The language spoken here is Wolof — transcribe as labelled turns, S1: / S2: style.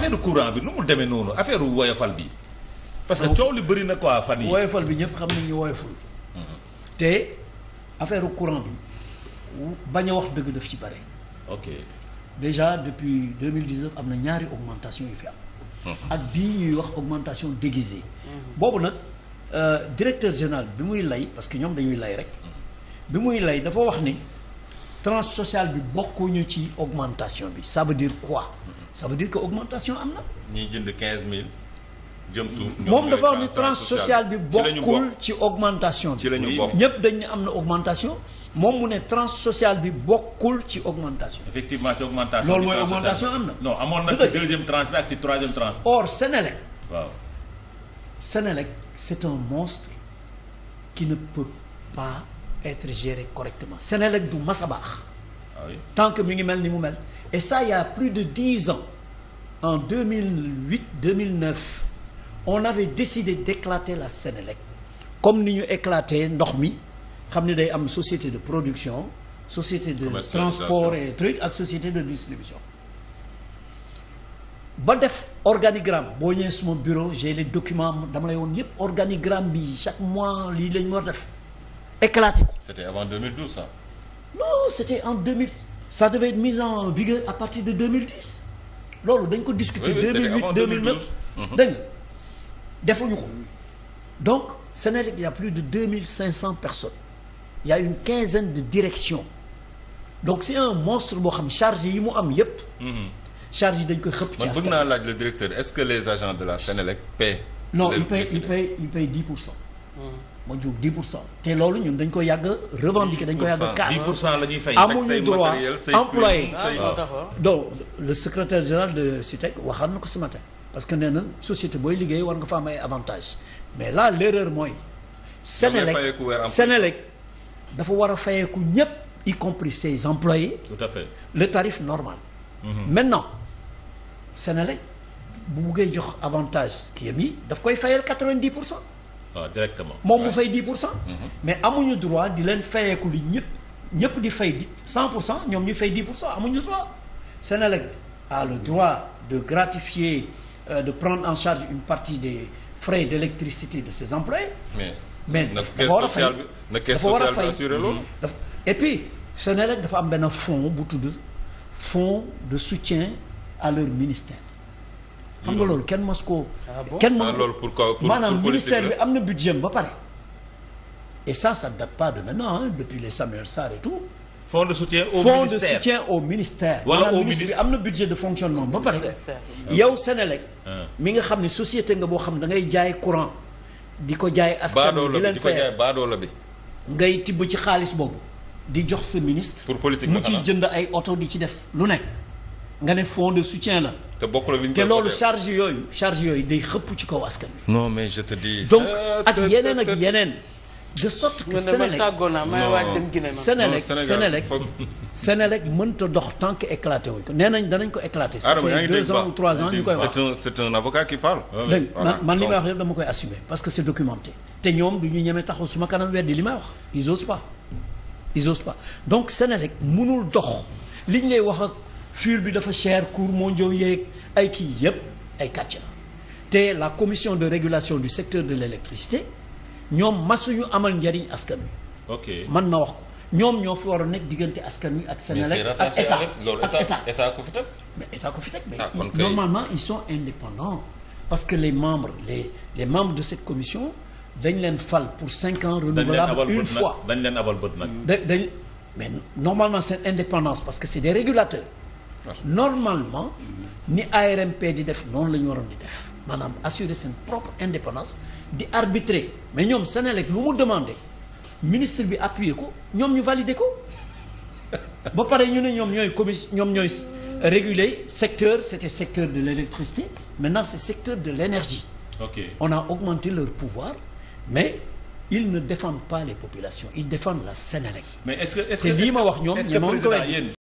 S1: affaire courant bi nu mu demee noonu affaire woyofal bi parce que coow li bëri na quoi fan yi woyofal bi ñëpp xam nañ ñu woyoful mhm. te affaire courant bi bañ a wax dëgg def ci bare ok déjà depuis 2019 am na ñaari augmentation yu fi am mhm. ak bii ñuy wax augmentation déguisée mhm. boobu nag euh, directeur général bi muy lay parce que ñoom dañuy lay rek bi muy lay dafa wax ni tranche social bi bokkuñu ci augmentation bi ça veut dire quoi ça veut dire que augmentation am na. ñiy jënd 15000. jëm suuf moom dafa wax ne tranche social bi bokkul ci augmentation bi. ci la ñu ñëpp dañ ne am na augmentation moom mu ne trans social bi bokkul ci augmentation. effectivement ci augmentation loolu mooy augmentation am na. non amoon na ci deuxième tranche bi ak ci troisième tranche. or Sénélec. waaw Sénélec c'est un monstre qui ne peut pas. être géré correctement Sénélec du mas a baax ah tant que mi ngi mel ni mu mel et ça il y a plus de dix ans en 2008 2009 on avait décidé d'éclater la Sénélec comme ni ñu éclaté ndox mi xam ne day am société de production société de transport et truc ak société de distribution ba def organigramme boo ñëwee suma bureau j'ai les document dama lay woon yëpp organigramme bi chaque mois lii la ñu war def éclaté ko. c'était avant 2012 ça. non c'était en 2000 ça devait être mis en vigueur à partir de 2010 loolu dañ ko discuter. oui oui c'était avant 2012 2008 defuñu ko donc Sénélec il y a plus de 2500 personnes il y a une quinzaine de directions donc c'est un monstre boo xam charge yi mu am yépp mhm. charge yi dañ koy xëpp ci le directeur est-ce que les agents de la Sénélec paient. non ils paient ils pour cent. ma juum 10 pour cent te loolu ñun dañ ko yàgg revendiquer dañ ko yàgg kaas amuñu droit employé ah, donc le secrétaire général de CITEC waxaan na ko ce matin parce que nee na société booy liggéey war nga fa am ay avantage mais là l'erreur mooy Sénélec dafa war a fayeeku ñépp y compris ses employés à fait le tarif normal mmh. maintenant Sénélec bu buggee jox avantage kii am yi daf koy fayal 90 pour cent waaw euh, directement moom mu fay 10 pour cent. Mm-hmm. mais amuñu droit di leen fayeeku li ñëpp ñëpp di fay di pour cent ñoom ñu fay 10 pour amuñu droit. Sénélec a le droit de gratifier euh, de prendre en charge une partie des frais d'électricité de ses employés. mais mais dafa war a fay na caisse sociale bi assuré loolu. Mm-hmm. et puis Sénélec dafa am benn fonds bu tudd fonds de soutien à leur ministère. xam nga loolu kenn mas koo. Ah kenn mën ah, loolu pour quoi pour maanaam ministère bi am na budget ba pare. et ça ça date pas de maintenant hein, depuis les Samuel Sarr et tout. fonds de soutien au fonds ministère fonds au ministère. wala bi am na budget de fonctionnement ba pare. Ah. yow Sénélec. mi nga xam ne société nga boo xam da ngay jaay courant. di ko jaay askan bi di leen fayal baadoola bi ngay tibb ci xaalis boobu. di jox sa ministre. pour politique mu ci jënd ay oto di ci def lu nekk. nga ne fonds de soutien la. te bokkul ak li ñu yooyu charge yooyu day ci kaw askan wi. non mais je te dis. donc yeneen ak yeneen. de sorte que Sénélec Sénélec Sénélec Sénélec mënta dox tant que éclaté wuñ ko nee nañ danañ ko éclaté. ça fait deux ans ou trois ans ñu koy wax. man li may wax yëpp dama koy assumer parce que c'est documenté. te ñoom du ñu ñeme taxaw suma kanam weddi li may wax ils osent pas se osent pas donc Sénélec mënul dox liñ lay wax ak. fuel bi dafa chair cher moo mondiaux yeeg ay kii yëpp ay kàcc la te la commission de régulation du secteur de l'électricité ñoom masuñu amal njariñ askan wi. ok man na wax ko ñoom ñoo fi war a nekk diggante askan wi ak. Senelec ak état ak état état ko fi teg. mais état ko fi teg mais ah, normalement ils sont indépendants parce que les membres les les membres de cette commission dañ leen fal pour cinq ans renouvelable une fois dañ leen abal bët nag dañ mais normalement que c'est des normalement ni ARMP di def noonu la ñu waroon di def maanaam assurer seen propre indépendance di arbitrer mais ñoom Senelec lu mu demandé ministre bi appuyer ko ñoom ñu valider ko ba pare ñu ne ñoom ñooy commission ñoom ñooy réguler secteur c'était secteur de l'électricité maintenant c'est secteur de l'énergie okay. on a augmenté leur pouvoir mais ils ne défendent pas les populations ils défendent la Senelec mais est lii ma wax ñoom ñi moom ko